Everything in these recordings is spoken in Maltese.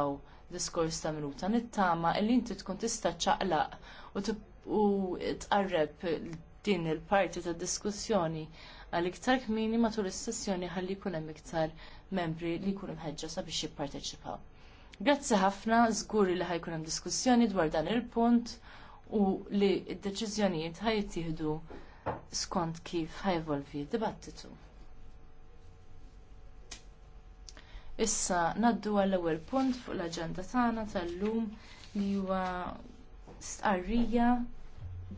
għaw diskors ta' minuta nittama illi inti tkun tista' ċaqlaq u tqarreb din il-parti tad diskussjoni għal iktar kmieni matul is-sessjoni ħalli jkun hemm iktar membri li jkunu mħeġġa sabiex jipparteċipaw. Grazzi ħafna, żguri li ħajkun hemm diskussjoni dwar dan il-punt u li d-deċiżjonijiet ħajtieħdu skont kif ħajvolvi dibattitu. Issa naddu għall-ewwel punt fuq l-aġenda tagħna tal-lum li huwa stqarrija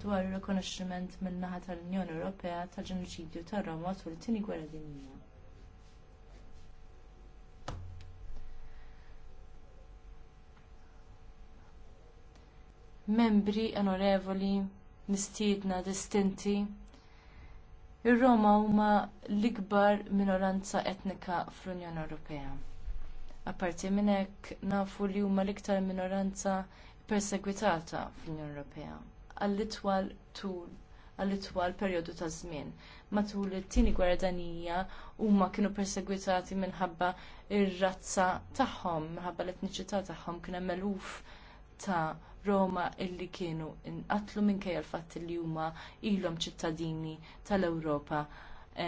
dwar ir-rikonoxximent min-naħa tal-Unjoni Ewropea tal-ġenoċidju tar-Roma tul it-tieni gwerra dinjija. Membri onorevoli, mistiedna distinti, Ir-Roma huma l-ikbar minoranza etnika fl-Unjoni Ewropea. Apparti minn hekk nafu li huma l-iktar minoranza persegwitata fl-Unjoni Ewropea għall-itwal tul għall-itwal perjodu ta' żmien. Matul it-tieni gwerra danija huma kienu persegwitati minħabba ir-razza tagħhom, minħabba l-etniċità tagħhom kien hemm eluf ta' Roma illi kienu inqatlu minkejja l-fatt li huma ilhom ċittadini tal-Ewropa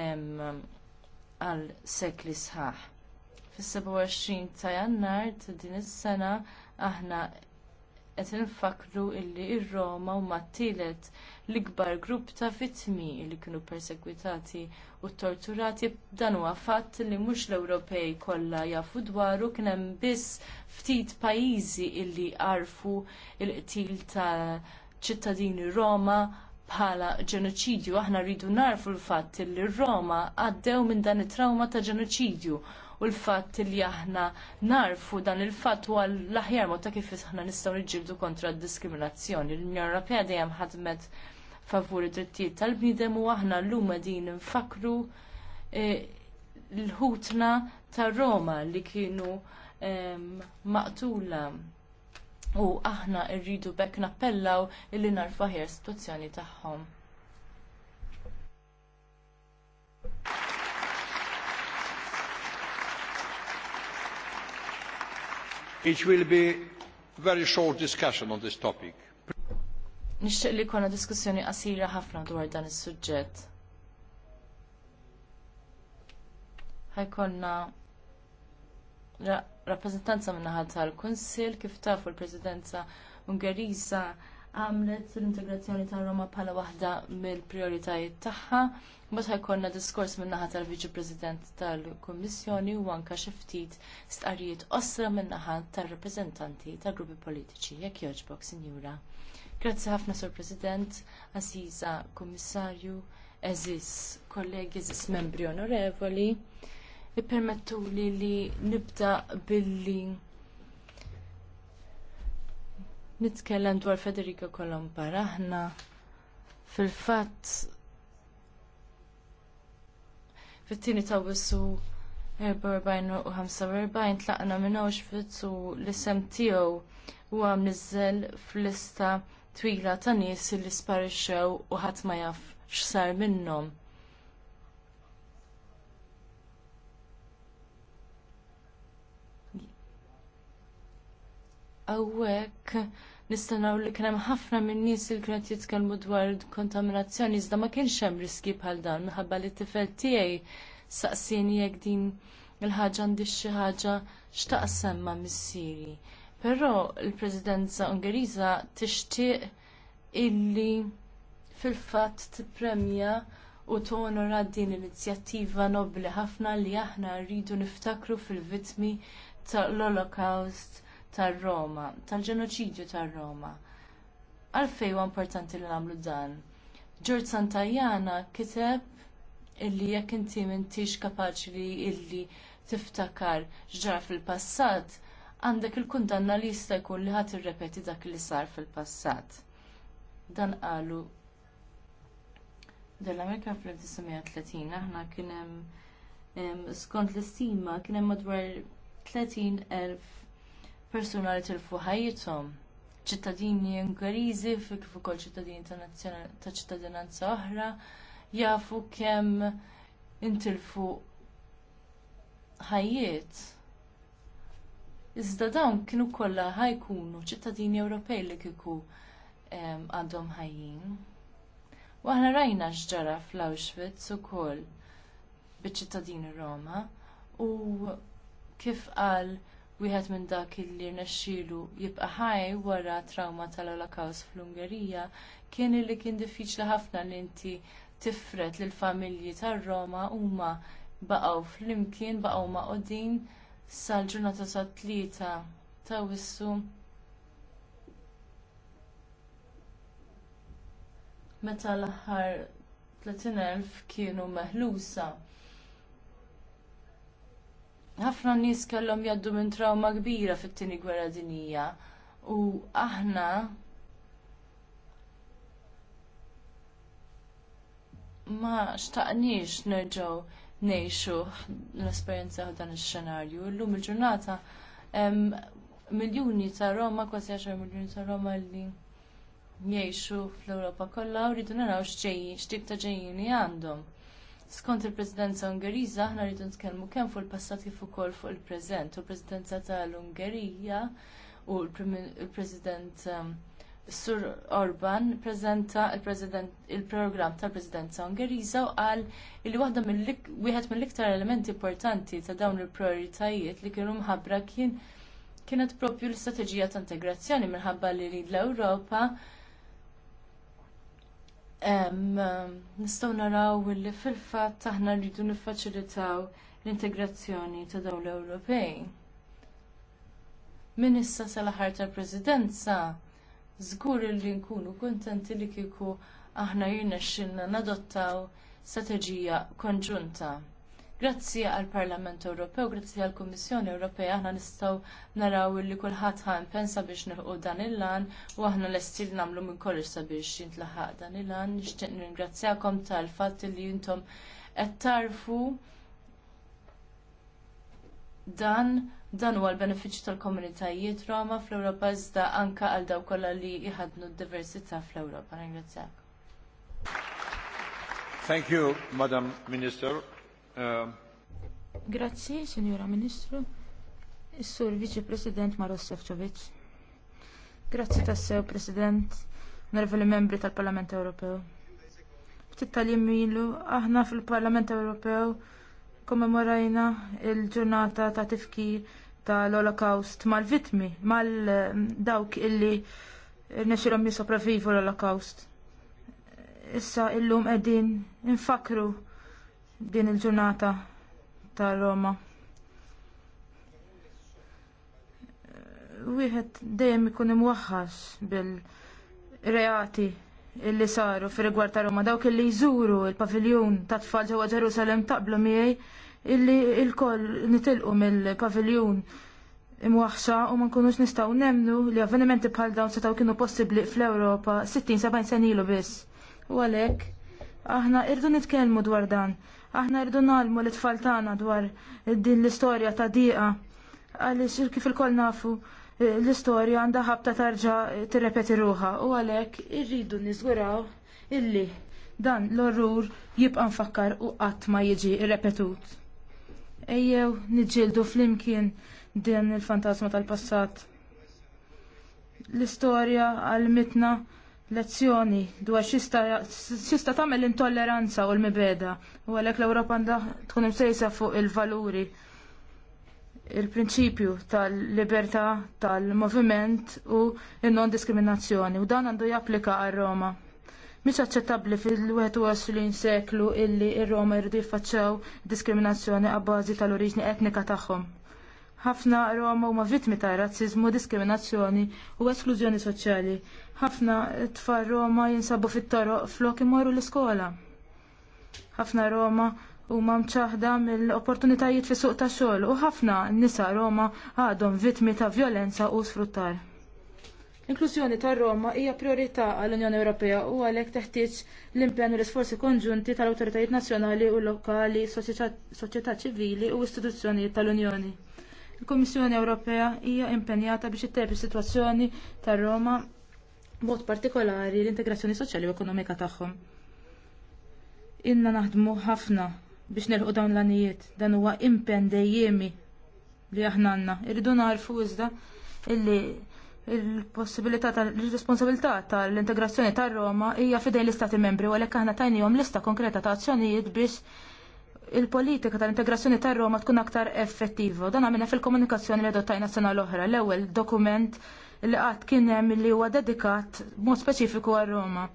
għal sekli sħaħ. Fis-27 ta' Jannar ta' din is-sena aħna qed infakru illi ir-Roma huma t-tielet l-ikbar grupp ta' vittmi li kienu persegwitati u torturati dan huwa fatt li mhux l-Ewropej kollha jafu dwaru kien hemm biss ftit pajjiżi illi għarfu l qtil ta' ċittadini Roma bħala ġenoċidju, aħna rridu narfu l-fatt li Roma għaddew minn dan it-trauma ta' ġenoċidju u l-fatt li aħna narfu dan il-fatt huwa l-aħjar mod ta' kif aħna nistgħu niġġieldu kontra d-diskriminazzjoni. L-Unjoni Ewropea dejjem ħadmet favur id-drittijiet tal-bniedem u aħna llum qegħdin nfakru e, l-ħutna ta' Roma li kienu maqtula u aħna rridu bekk nappellaw illi narfu aħjar situazzjoni tagħhom. It will be very short discussion on this topic. Nixtieq li jkollna diskussjoni qasira ħafna dwar dan is-suġġett. Ħajkonna rappreżentanza minnaħa tal-Kunsill kif tafu l-Presidenza Ungeriża għamlet l-integrazzjoni ta' Roma bħala waħda mill-prioritajiet tagħha. Mbagħad ħajkonna diskors min-naħa tal-Viċi President tal-Kummissjoni u anke xi ftit stqarrijiet osra min-naħa tar-rappreżentanti tal-gruppi politiċi jekk jogħġbok, Sinjura. Grazzi ħafna Sur President, Aziza Kummissarju, eżis kollegi, eżis membri onorevoli. Ippermettu li li nibda billi nitkellem dwar Federico Colomba. Aħna fil-fatt fit-tieni ta' wissu 44 u 45 tlaqna minn Auschwitz u l-isem tiegħu huwa mniżżel fl-lista twila ta' nies li sparixxew u ħadd ma jaf x'sar minnhom. hawnhekk nistanaw li kienem ħafna minn il li kienet jitkellmu dwar kontaminazzjoni iżda ma kienx hemm riski bħal dan minħabba li t-tifel tiegħi saqsini jekk din il-ħaġa għandi xi ħaġa x'taqsam ma' missieri. Però l-Presidenza Ungeriża tixtieq illi fil-fatt tippremja u tonora din l-inizjattiva nobbli ħafna li aħna rridu niftakru fil-vittmi tal-Holocaust tar-Roma, tal-ġenoċidju tar-Roma. Għalfejn huwa importanti li nagħmlu dan. George Santajana kiteb illi jekk inti m'intix kapaċi illi tiftakar ġar fil-passat, għandek il-kundanna li jista' jkun li ħadd irrepeti dak li sar fil-passat. Dan qalu dell-Amerika fl-1930 aħna kien hemm skont l-istima kien hemm madwar 30,000 persuna li tilfu ħajjithom ċittadini Ungariżi kif ukoll ċittadini ta' ċittadinanza oħra jafu kemm intilfu ħajjiet. Iżda dawn kienu kollha ħajkunu ċittadini Ewropej li kieku għandhom ħajjin. U aħna rajna x'ġara fl-Auschwitz ukoll biċ-ċittadini Roma u kif qal wieħed minn dak li rnexxielu jibqa' ħaj wara trauma tal-Olokawst fl-Ungerija kien li kien diffiċli ħafna li inti tifret lill familji tar-Roma huma baqgħu flimkien baqgħu maqogħdin sal-ġurnata sa tlieta ta' wissu. Meta l-aħħar 30,000 kienu meħlusa ħafna nies kellhom jgħaddu minn trauma kbira fit-tieni gwerra dinija u aħna ma xtaqniex nerġgħu ngħixu l-esperjenza dan ix-xenarju. Llum il-ġurnata miljuni ta' Roma, kważi 10 miljuni ta' Roma li jgħixu fl-Ewropa kollha u rridu naraw x'tip ta' ġejjini għandhom. Skont il-Presidenza Ungheriża aħna rridu nitkellmu kemm fuq il-passat kif ukoll fuq il-preżent. U l-Presidenza tal-Ungerija u l-President ehm, Sur Orban preżenta il-programm tal-Presidenza Ungheriża u qal li waħda wieħed mill-iktar elementi importanti ta' dawn il-prioritajiet li kienu mħabbra kien kienet propju l-istrateġija ta' integrazzjoni minħabba li l-Ewropa nistgħu naraw li fil-fatt aħna rridu niffaċilitaw l-integrazzjoni ta' dawn l-Ewropej. Min issa sal-aħħar tal-Presidenza żgur li nkunu kuntenti li kieku aħna xinna nadottaw strateġija konġunta. Grazzi għall Parlament Ewropew, grazzi għall Kummissjoni Ewropea, aħna nistgħu naraw li kulħadd ħan pensa biex nilħu dan il-lan u aħna l-estil nagħmlu minn kollox sabiex jintlaħaq dan il-lan. Nixtieq ningrazzjakom tal-fatt li intom qed tarfu dan dan huwa l-benefiċċju tal-komunitajiet Roma fl-Ewropa iżda anke għal dawk kollha li jħadnu d-diversità fl-Ewropa. Ningrazzjak. Thank you, Madam Minister. Um, Grazzi, Signora Ministru. Is-Sur Viċi President Maros Sefcovic. Grazzi tassew, President, nerveli membri tal-Parlament Europeo. Ftit tal-jimilu, aħna fil-Parlament Ewropew kommemorajna il-ġurnata ta' tifkir tal-Holocaust mal-vitmi, mal-dawk illi nesirom jisopravivu l-Holocaust. Issa illum qegħdin infakru din il-ġurnata ta' Roma. Wieħed dejjem ikun imwaħħax bil-reati illi saru fi rigward ta' Roma dawk illi jżuru il-paviljun ta' tfal ġewwa Ġerusalemm taqblu miegħi illi il-koll nitilqu mill-paviljun imwaħxa u ma nkunux nistgħu nemnu li avvenimenti bħal dawn setgħu kienu possibbli fl-Ewropa 60-70 sen ilu biss. U għalhekk aħna irdu nitkellmu dwar dan. Aħna rridu nalmu l-tfal tagħna dwar din l-istorja ta' diqa. Għaliex kif il nafu eh, l-istorja għandha ħabta tarġa eh, tirrepeti ruha u għalhekk irridu niżguraw illi dan l-orrur jibqa' nfakkar u qatt ma jiġi rrepetut. Ejjew niġġieldu flimkien din il-fantasma tal-passat. L-istorja għal mitna lezzjoni dwar xista tagħmel l-intolleranza u l-mibeda u għalhekk l-Ewropa għandha tkun imsejsa fuq il-valuri il-prinċipju tal-libertà tal-moviment u il-non-diskriminazzjoni u dan għandu japplika għal Roma. Mhix aċċettabbli fil-21 seklu illi ir-Roma jridu jiffaċċjaw diskriminazzjoni għall-bażi tal-oriġni etnika tagħhom. Ħafna Roma huma vittmi ta' razzizmu, diskriminazzjoni u esklużjoni soċjali. Ħafna tfal Roma jinsabu fit-toroq flok imorru l-iskola. Ħafna Roma huma mċaħda mill-opportunitajiet fis suq tax xogħol u ħafna nisa Roma għadhom vittmi ta' vjolenza u sfruttar. L-inklużjoni tar Roma hija priorità għall-Unjoni Ewropea u għalhekk teħtieġ l-impenn u l-isforzi konġunti tal-awtoritajiet nazzjonali u lokali, soċjetà ċivili u istituzzjonijiet tal-Unjoni. Il-Kummissjoni Ewropea hija impenjata biex ittejb is-sitwazzjoni tar-Roma b'mod partikolari l-integrazzjoni soċjali u ekonomika tagħhom. Inna naħdmu ħafna biex nelħu dawn l-anijiet dan huwa impenn dejjemi li aħna għandna. Irridu narfu iżda illi il-possibilità tal-responsabilità tal-integrazzjoni tar-Roma hija fidejn l-Istati membri u għalhekk aħna tajnihom lista konkreta ta' azzjonijiet biex il-politika tal-integrazzjoni tar Roma tkun aktar effettiva. Dan għamilna fil-komunikazzjoni li adottajna sena l-oħra, l-ewwel dokument li qatt kien hemm li huwa dedikat mod speċifiku għar Roma.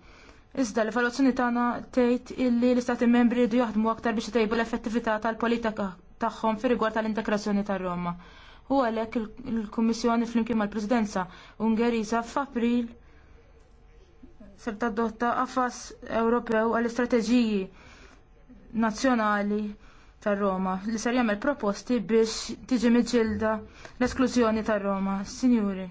Iżda l-evaluazzjoni tagħna tgħid illi l-istati membri jdu jaħdmu aktar biex itejbu l-effettività tal-politika tagħhom fir-rigward tal-integrazzjoni tar Roma. U għalhekk il-Kummissjoni flimkien mal-Presidenza Ungerisa f'April se tadotta qafas Ewropew għall-istrateġiji Nazzjonali tar Roma li ser jagħmel proposti biex tiġi miġilda l-esklużjoni tar Roma. Sinjuri,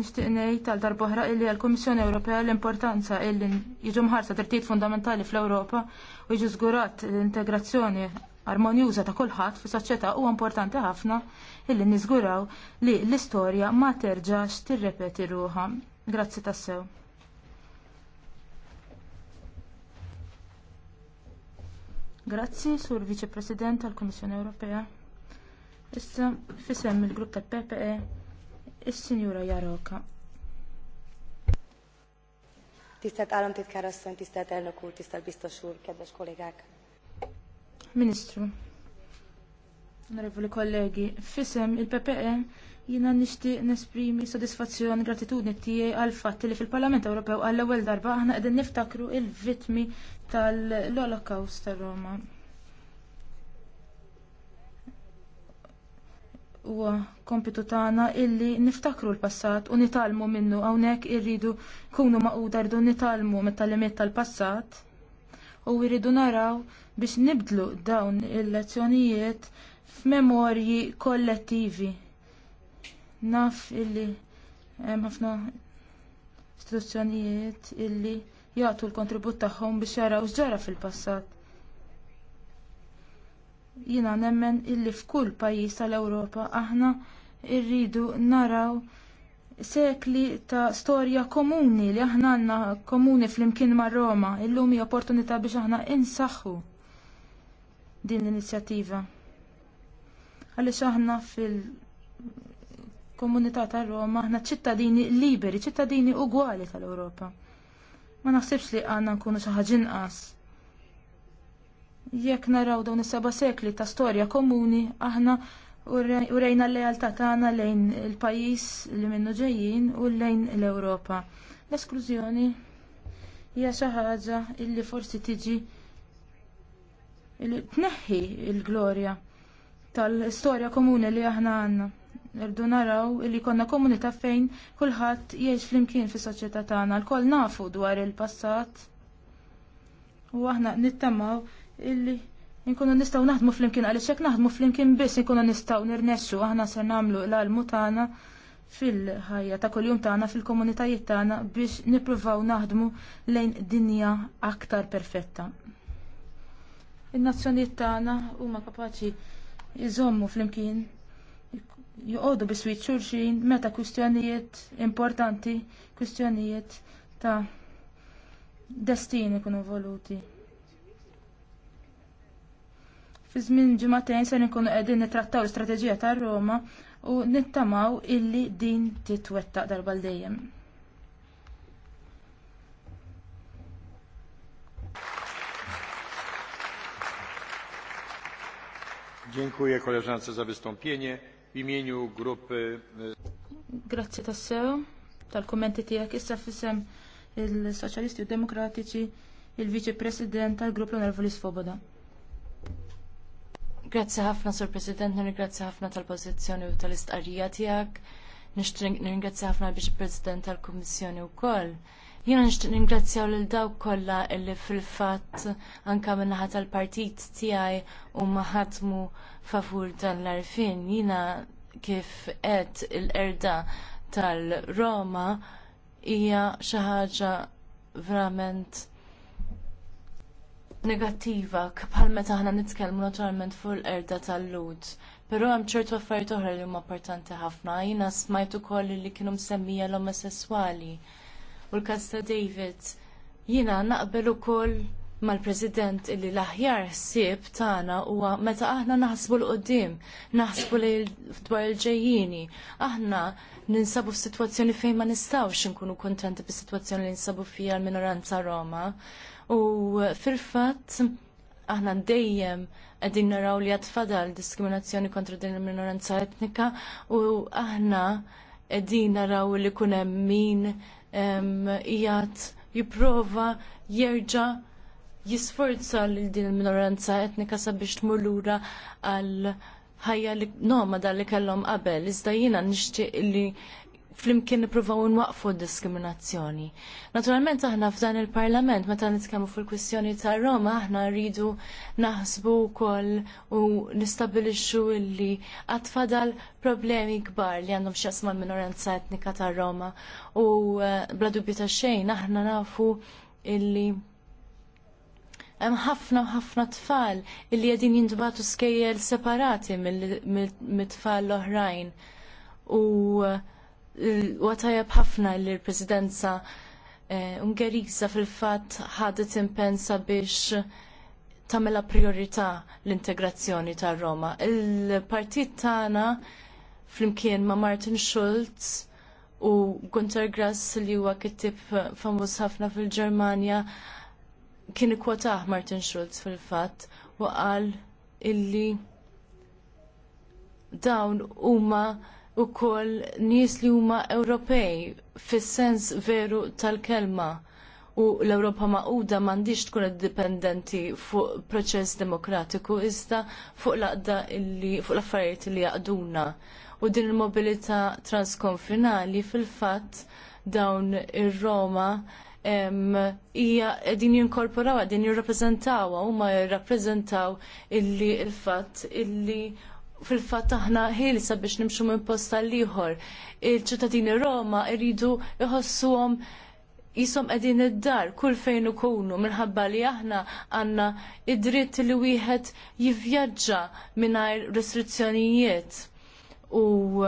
nixtieq ngħid tal darboħra illi għall-Kummissjoni Ewropea l-importanza illi jiġu mħarsa drittijiet fundamentali fl-Ewropa u jiġu żgurat l-integrazzjoni armonjuża ta' kulħadd fis soċjetà huwa importanti ħafna illi niżguraw li l-istorja ma terġax tirrepeti ruha. Grazzi tassew. Grazzi, sur Vice President tal-Komissjoni Ewropea. Issa, fisem il-grupp tal-PPE, is-Sinjura Jaroka. Tistat għalom asszony, tisztelt elnök úr, tisztelt biztos úr, kedves Ministru, Onorevoli kollegi, fissem il-PPE jina nixtieq nesprimi sodisfazzjoni gratitudni tiegħi għal fatti li fil-Parlament Ewropew għall ewwel darba aħna qegħdin niftakru il-vittmi tal-Holocaust ta' Roma. Huwa kompitu tagħna illi niftakru l-passat u nitalmu minnu hawnhekk irridu kunu maquda rridu nitalmu mit-talimiet tal-passat u irridu naraw biex nibdlu dawn il-lezzjonijiet F'memorji kollettivi. Naf illi hemm ħafna istituzzjonijiet illi jagħtu l-kontribut tagħhom biex jaraw x'ġara fil-passat. Jiena nemmen illi f'kull pajjiż tal-Ewropa aħna rridu naraw sekli ta' storja komuni li aħna għandna komuni flimkien mar Roma, illum hija opportunità biex aħna insaħħu din l-inizjattiva għaliex aħna fil-komunità ta' Roma aħna ċittadini liberi, ċittadini ugwali tal-Ewropa. Ma naħsibx li għandna nkunu xi ħaġa inqas. Jekk naraw dawn is-seba' sekli ta' storja komuni, aħna urejna l-lealtà tagħna lejn il-pajjiż li minnu ġejjin u lejn l-Ewropa. L-esklużjoni hija xi ħaġa illi forsi tiġi tneħħi l-glorja. Il tal-istorja komuni li aħna għandna. Irdu naraw li konna komunita fejn kulħadd jgħix flimkien fis-soċjetà tagħna lkoll nafu dwar il-passat. U aħna nittamaw illi nkunu nistgħu naħdmu flimkien għaliex hekk naħdmu flimkien biss inkunu nistgħu nirnexxu aħna ser nagħmlu l-almu tagħna fil-ħajja ta' kuljum tagħna fil-komunitajiet tagħna biex nippruvaw naħdmu lejn dinja aktar perfetta. In-nazzjonijiet tagħna huma kapaċi jizommu flimkien, joqodu biswit xulxin meta kwistjonijiet importanti, kwistjonijiet ta' destini kunu voluti. Fi żmien ġimagħtejn se nkunu qegħdin nittrattaw l-istrateġija tar-Roma u nittamaw illi din titwettaq darba l dejjem. Dziękuję koleżance za wystąpienie. W imieniu grupy... E, Grazie tassew tal-kommenti tiegħek issa fissem il-Soċjalisti u Demokratiċi il-Viċi President tal-Grupp l-Onorevoli Svoboda. Grazzi ħafna, Sur President, nirringrazzi ħafna tal pożizzjoni u tal-istqarrija Nixtring Nirgrazzi ħafna l-Viċi President tal kummissjoni wkoll. Jena nixtieq ningrazzjaw lil dawk kollha li fil-fatt anke min-naħa tal-partit tiegħi huma maħatmu favur dan l-arfin. Jiena kif qed il-qerda tal-Roma hija xi ħaġa verament negattiva bħal meta aħna nitkellmu naturalment fuq l-qerda tal-lud. Però hemm ċertu affarijiet oħra li huma importanti ħafna. Jiena smajt ukoll li kienu msemmija l-omosessuali u l kasta David. Jiena naqbel ukoll mal-President illi l-aħjar ħsieb tagħna huwa meta aħna naħsbu l qudiem naħsbu li dwar il-ġejjini. Aħna ninsabu f'sitwazzjoni fejn ma nistgħux inkunu kuntenti bis-sitwazzjoni li ninsabu fiha l-minoranza Roma. U fil-fatt aħna dejjem qegħdin naraw li għatfadal diskriminazzjoni kontra din il-minoranza etnika u aħna qegħdin naraw li kunem hemm min jgħat jipprova jerġa' jisforza lil din il-minoranza etnika sabiex tmur lura għal ħajja li nomada li kellhom qabel. Iżda jiena nixtieq li flimkien nipruvaw nwaqfu d-diskriminazzjoni. Naturalment aħna f'dan il-parlament, meta nitkellmu fil-kwistjoni ta' Roma, aħna rridu naħsbu wkoll u nistabilixxu illi għatfadal fadal problemi kbar li għandhom x'jaqsma minoranza etnika ta' Roma u eh, bla dubju ta' xejn aħna nafu illi hemm ħafna ħafna tfal illi qegħdin jintbatu skejjel separati mill-tfal l-oħrajn. U eh, Watajab ħafna li l-presidenza eh, Ungerisa fil-fatt ħadet impensa biex tamela priorità l-integrazzjoni tar Roma. Il-partit tagħna flimkien ma' Martin Schulz u Gunter Grass li huwa kittib famuż ħafna fil-Ġermanja kien ikkwotah Martin Schulz fil-fatt u qal illi dawn huma koll nies li huma Ewropej fis-sens veru tal-kelma u l-Ewropa maquda m'għandix tkun dipendenti fuq proċess demokratiku iżda fuq l-aqda illi fuq l-affarijiet li jaqduna. U din il-mobilità transkonfinali fil-fatt dawn ir-Roma hija qegħdin jinkorporaw, qegħdin jirrappreżentawha huma jirrappreżentaw illi l-fatt illi fil-fatt aħna ħilsa biex nimxu minn posta l-ieħor. Il-ċittadini Roma rridu jħossuhom jisom għedin id-dar kull fejn ikunu minħabba li aħna għanna id-dritt li wieħed jivvjaġġa mingħajr restrizzjonijiet. U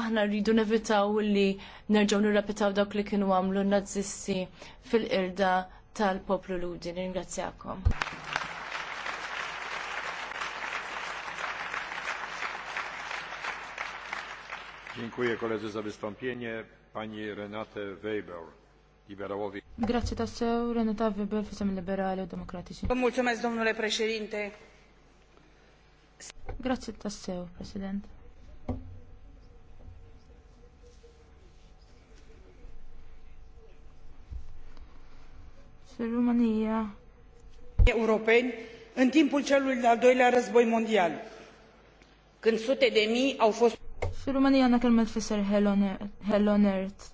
aħna rridu nevitaw li nerġgħu nirrapitaw dawk li kienu għamlu n-nazzisti fil-irda tal-poplu ludi. Ringrazzjakom. Dziękuję koledze za wystąpienie. Pani Renate Weber, liberałowi. Grazie tassew, Renata Weber, fissam liberali demokratici. Mulțumesc, domnule președinte. Grazie tassew, president. fil Europeni, în timpul celui de-al doilea război mondial, când sute de mii au fost Fil-Rumanija għanna kelma tfisser Hell on Earth.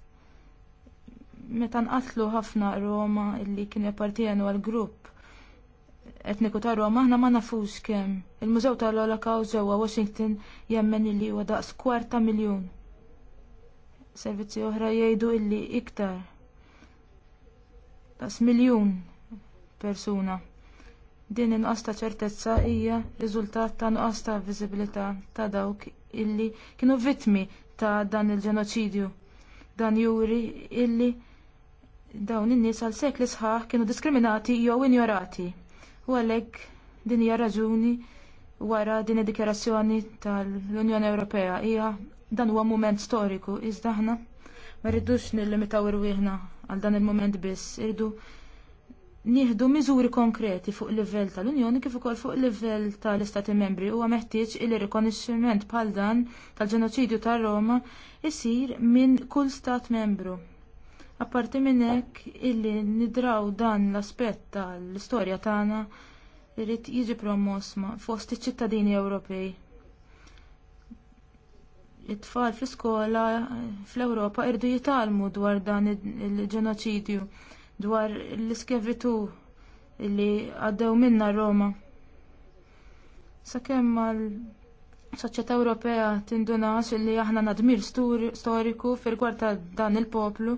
Meta nqatlu ħafna Roma illi kien jappartienu għal grupp etniku ta' Roma aħna ma nafux kemm. Il-Mużew tal-Olokawst ġewwa Washington jemmen illi huwa daqs kwarta miljun. Servizzi oħra jgħidu illi iktar. Daqs miljun persuna. Din inqas ta' ċertezza hija riżultat ta' nuqqas ta' viżibilità ta' dawk illi kienu vittmi ta' dan il-ġenoċidju. Dan juri illi dawn in-nies għal sekli sħaħ kienu diskriminati jew injorati. U għalhekk din hija raġuni wara din id-dikjarazzjoni tal-Unjoni Ewropea hija dan huwa mument storiku iżda aħna ma rridux nillimitaw irwieħna għal dan il-mument biss, irdu nieħdu miżuri konkreti fuq livell tal-Unjoni kif ukoll fuq livell tal-Istati Membri huwa meħtieġ il rikonixximent bħal dan tal-ġenoċidju tar-Roma isir minn kull Stat Membru. Apparti minn hekk illi nidraw dan l-aspett tal-istorja tagħna irid jiġi promoss ma' fost iċ-ċittadini Ewropej it-tfal fl-iskola fl-Ewropa irdu jitalmu dwar dan il-ġenoċidju dwar l-iskevitu li għaddew minna Roma. Sakemm mal soċjetà Ewropea tindunax li aħna nadmir storiku fir ta' dan il-poplu,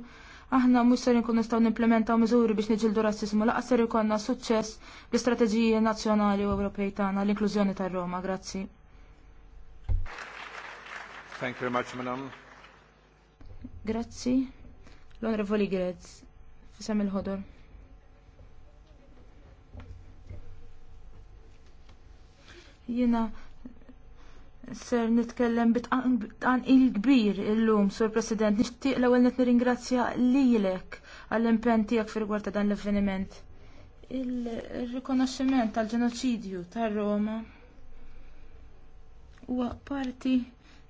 aħna mhux ser nkunu nistgħu nimplementaw miżuri biex niġildu rassismu, laqas ser ikonna suċċess bl-istrateġiji nazzjonali u Ewropej tagħna l-inklużjoni tar-Roma. Grazzi. Thank you very much, madam. Grazzi. L-Onorevoli Grez. Fisem il-ħodor. Jina ser nitkellem bitqan il-kbir illum, Sur President, nixtieq l-ewwel nett nirringrazzja lilek għall-impenn tiegħek fir ta' dan l-avveniment. Il-rikonoxximent tal-ġenoċidju tar-Roma huwa parti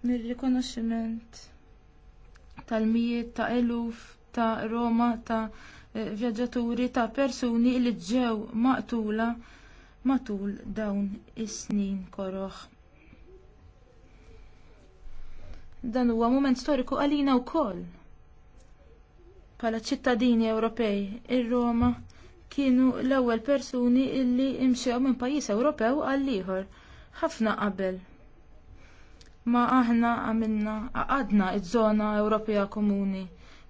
mir-rikonoxximent tal-mijiet ta' eluf ta' Roma ta' vjaġġaturi ta' persuni li ġew maqtula matul dawn is-snin koroħ. Dan huwa mument storiku għalina wkoll. Bħala ċittadini Ewropej, ir-Roma kienu l-ewwel persuni illi imxew minn pajjiż Ewropew għal ieħor ħafna qabel. Ma aħna għamilna għadna ż żona Ewropea Komuni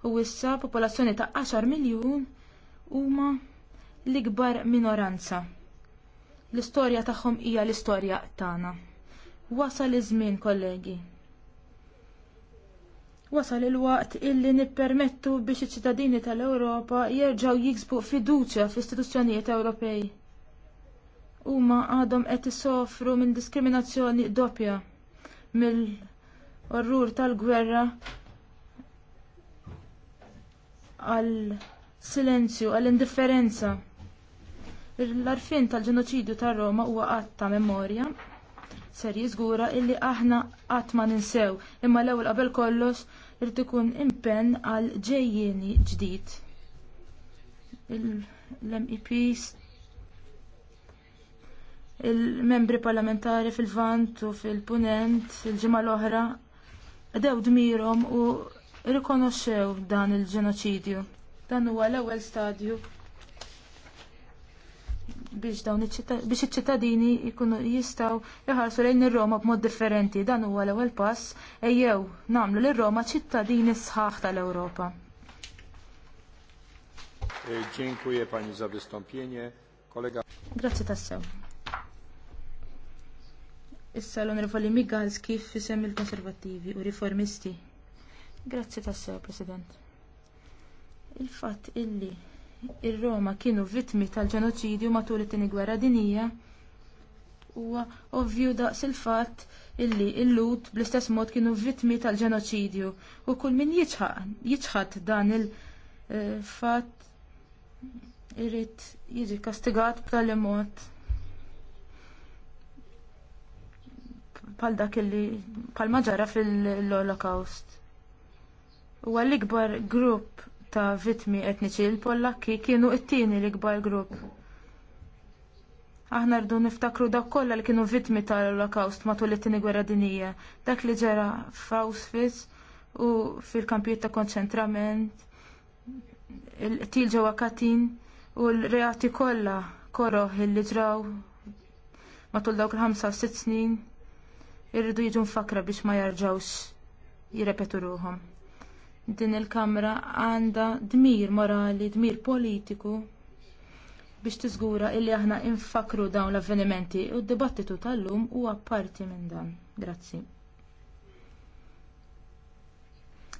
u issa popolazzjoni ta' 10 miljun huma l-ikbar minoranza. L-istorja tagħhom hija l-istorja tagħna. Wasal iż-żmien, kollegi. Wasal il-waqt illi nippermettu biex iċ-ċittadini tal-Ewropa jerġgħu jiksbu fiduċja fl-istituzzjonijiet Ewropej. Huma għadhom qed isofru minn diskriminazzjoni doppja mill-orrur tal-gwerra għal silenzju, għal indifferenza. L-arfin tal-ġenoċidju tar Roma huwa qatt ta' memorja ser jiżgura illi aħna qatt ma ninsew imma l-ewwel qabel kollox irid ikun impenn għal ġejjieni ġdid. L-MEPs il-membri parlamentari fil-Vant u fil-Punent il-ġimgħa l-oħra dew dmirhom u Rikonoxxew dan il-ġenoċidju. Dan huwa l-ewwel stadju biex dawn biex iċ-ċittadini jkunu jistgħu jħarsu lejn ir-Roma b'mod differenti. Dan huwa l-ewwel pass ejjew nagħmlu lir Roma ċittadini sħaħ tal-Ewropa. E, dziękuję pani za wystąpienie. Kolega Grazzi tassew. Issa l-onorevoli Migalski fisem il-Konservattivi u Riformisti. Grazzi tassew, President. Il-fatt illi r roma kienu vittmi tal-ġenoċidju matul it-tieni gwerra dinija huwa ovvju daqs il-fatt illi il-lut bl-istess mod kienu vittmi tal-ġenoċidju u kull min jiċħad dan il-fatt eh, irrid jiġi kastigat b'tali mod bħal dak illi bħal maġara fil-Holocaust. U l-ikbar grupp ta' vittmi etniċi l-Pollakki kienu t tieni l-ikbar grupp. Aħna rdu niftakru dak kollha li kienu vittmi tal-Olokawst matul it-tieni gwerra dinija, dak li ġara f'Auschwitz u fil-kampijiet ta' konċentrament, il-qtil ġewwa Katin u l-reati kollha koroħ li ġraw matul dawk il 5 sitt snin irridu jiġu mfakra biex ma jarġawx jirrepetu ruhom din il-Kamra għandha dmir morali, dmir politiku biex tiżgura illi aħna infakru dawn l-avvenimenti u d-dibattitu tal-lum huwa parti minn dan. Grazzi.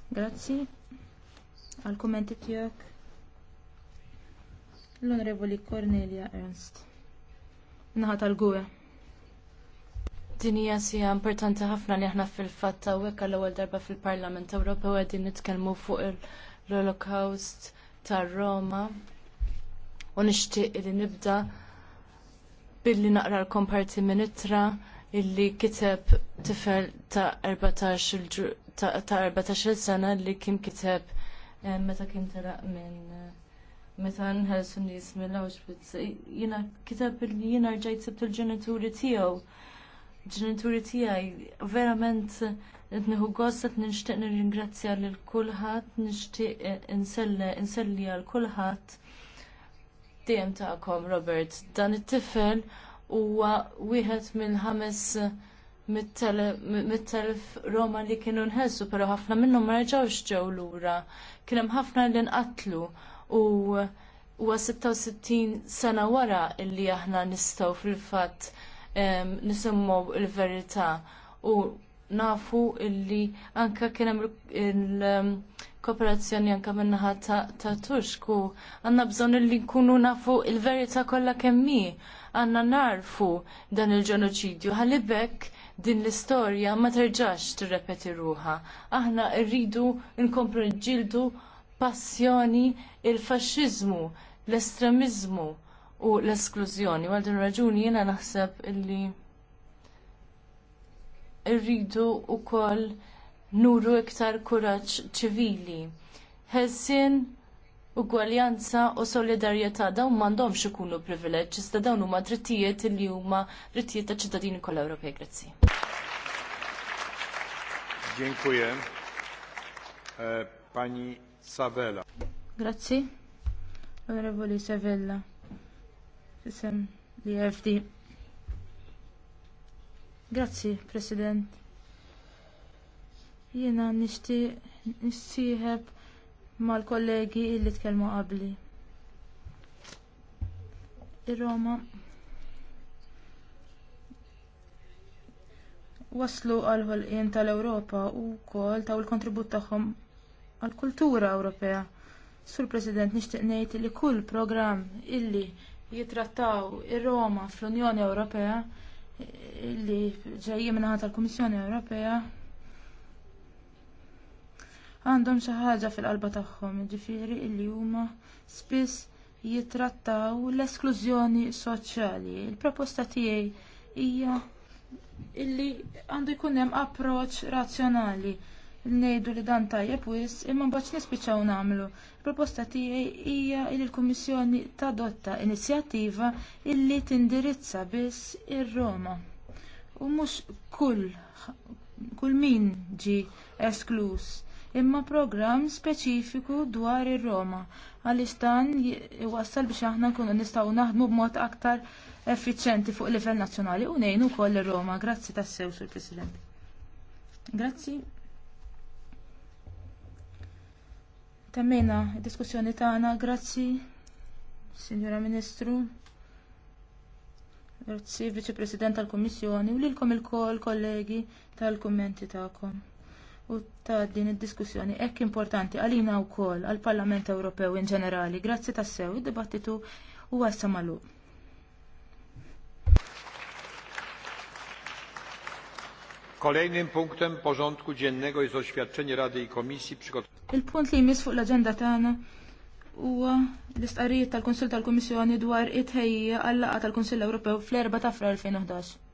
Grazzi għal kummenti tiegħek. L-Onorevoli Cornelia Ernst. Naħat għal gwe Din hija sija importanti ħafna li aħna fil-fatt hawnhekk għall-ewwel darba fil-Parlament Ewropew qegħdin nitkellmu fuq il-Holocaust tar-Roma. U nixtieq li nibda billi naqra l-komparti minitra illi kiteb tifel ta' 14 sena li kien kiteb eh, meta kien taraq minn meta nħelsu nies mill-Auschwitz. Jiena kiteb li jiena rġajt sibt il-ġenituri tiegħu ġenituri tiegħi verament qed nieħu gost qed nixtieq nirringrazzja lil kulħadd, nixtieq eh, inselli għal kulħadd. Dejjem tagħkom Robert, dan it-tifel huwa wieħed minn ħames eh, mit-telf Roma li kienu nħessu, pero ħafna minnhom ma reġgħux ġew lura. Kien hemm ħafna li nqatlu u huwa 66 sena wara illi aħna nistgħu fil-fatt nisimmu il-verità u nafu illi anka kien hemm il-kooperazzjoni anka minnaħa ta' Tusk u għandna bżonn illi nkunu nafu il-verità kollha kemm hi narfu dan il-ġenoċidju għalibek din l-istorja ma terġax tirrepeti ruha. Aħna rridu nkomplu ġildu passjoni il-faxxiżmu, l-estremizmu u l-esklużjoni. Għal din raġuni jiena naħseb illi rridu wkoll nuru iktar kuraġġ ċivili. Ħelsien ugwaljanza u solidarjetà dawn m'għandhomx ikunu privileġġ, iżda dawn huma drittijiet li huma drittijiet ta' ċittadini kollha Ewropej. Grazzi. Dziękuję. E, pani Savella. Grazzi. Onorevoli Savella. Sem li FD. Grazzi, President. Jiena nixtieq nissieħeb mal-kollegi illi tkelmu qabli. Ir-Roma waslu għal ħolqien tal-Ewropa u wkoll taw il-kontribut tagħhom għall kultura Ewropea. Sur President nixtieq ngħid li kull programm illi jitrattaw ir-Roma fl-Unjoni Ewropea li ġejjin minnaħa tal-Kummissjoni Ewropea għandhom xi ħaġa fil-qalba tagħhom, jiġifieri li huma spiss jitrattaw l-esklużjoni soċjali. Il-proposta tiegħi hija illi għandu jkun hemm approċċ razzjonali ngħidu li dan tajjeb wis imma mbagħad nispiċċaw nagħmlu. Il-proposta tiegħi hija li l-Kummissjoni tadotta inizjattiva illi tindirizza biss ir-Roma. U mhux kull kull min ġie esklus imma programm speċifiku dwar ir-Roma għaliex dan iwassal biex aħna nkunu nistgħu naħdmu b'mod aktar effiċjenti fuq livell nazzjonali u ngħinu wkoll ir-Roma. Grazzi tassew, Sur President. Grazzi. Tammina id-diskussjoni tagħna, grazzi, Signora Ministru. Grazzi, Viċi President tal-Kommissjoni, u lilkom il-kol kollegi tal-kommenti tagħkom. U ta' din id-diskussjoni Hekk importanti għalina u kol għal-Parlament Ewropew in ġenerali. Grazzi tassew, id-dibattitu u għassa Kolejnym punktem porządku dziennego jest oświadczenie Rady i Komisji przygotowane. Il-punt li jmiss fuq l-agenda tagħna huwa l-istqarrijiet tal-Kunsill tal-Kummissjoni dwar it-ħejja għall-laqgħa tal-Kunsill Ewropew fl-4 ta' frar 2011.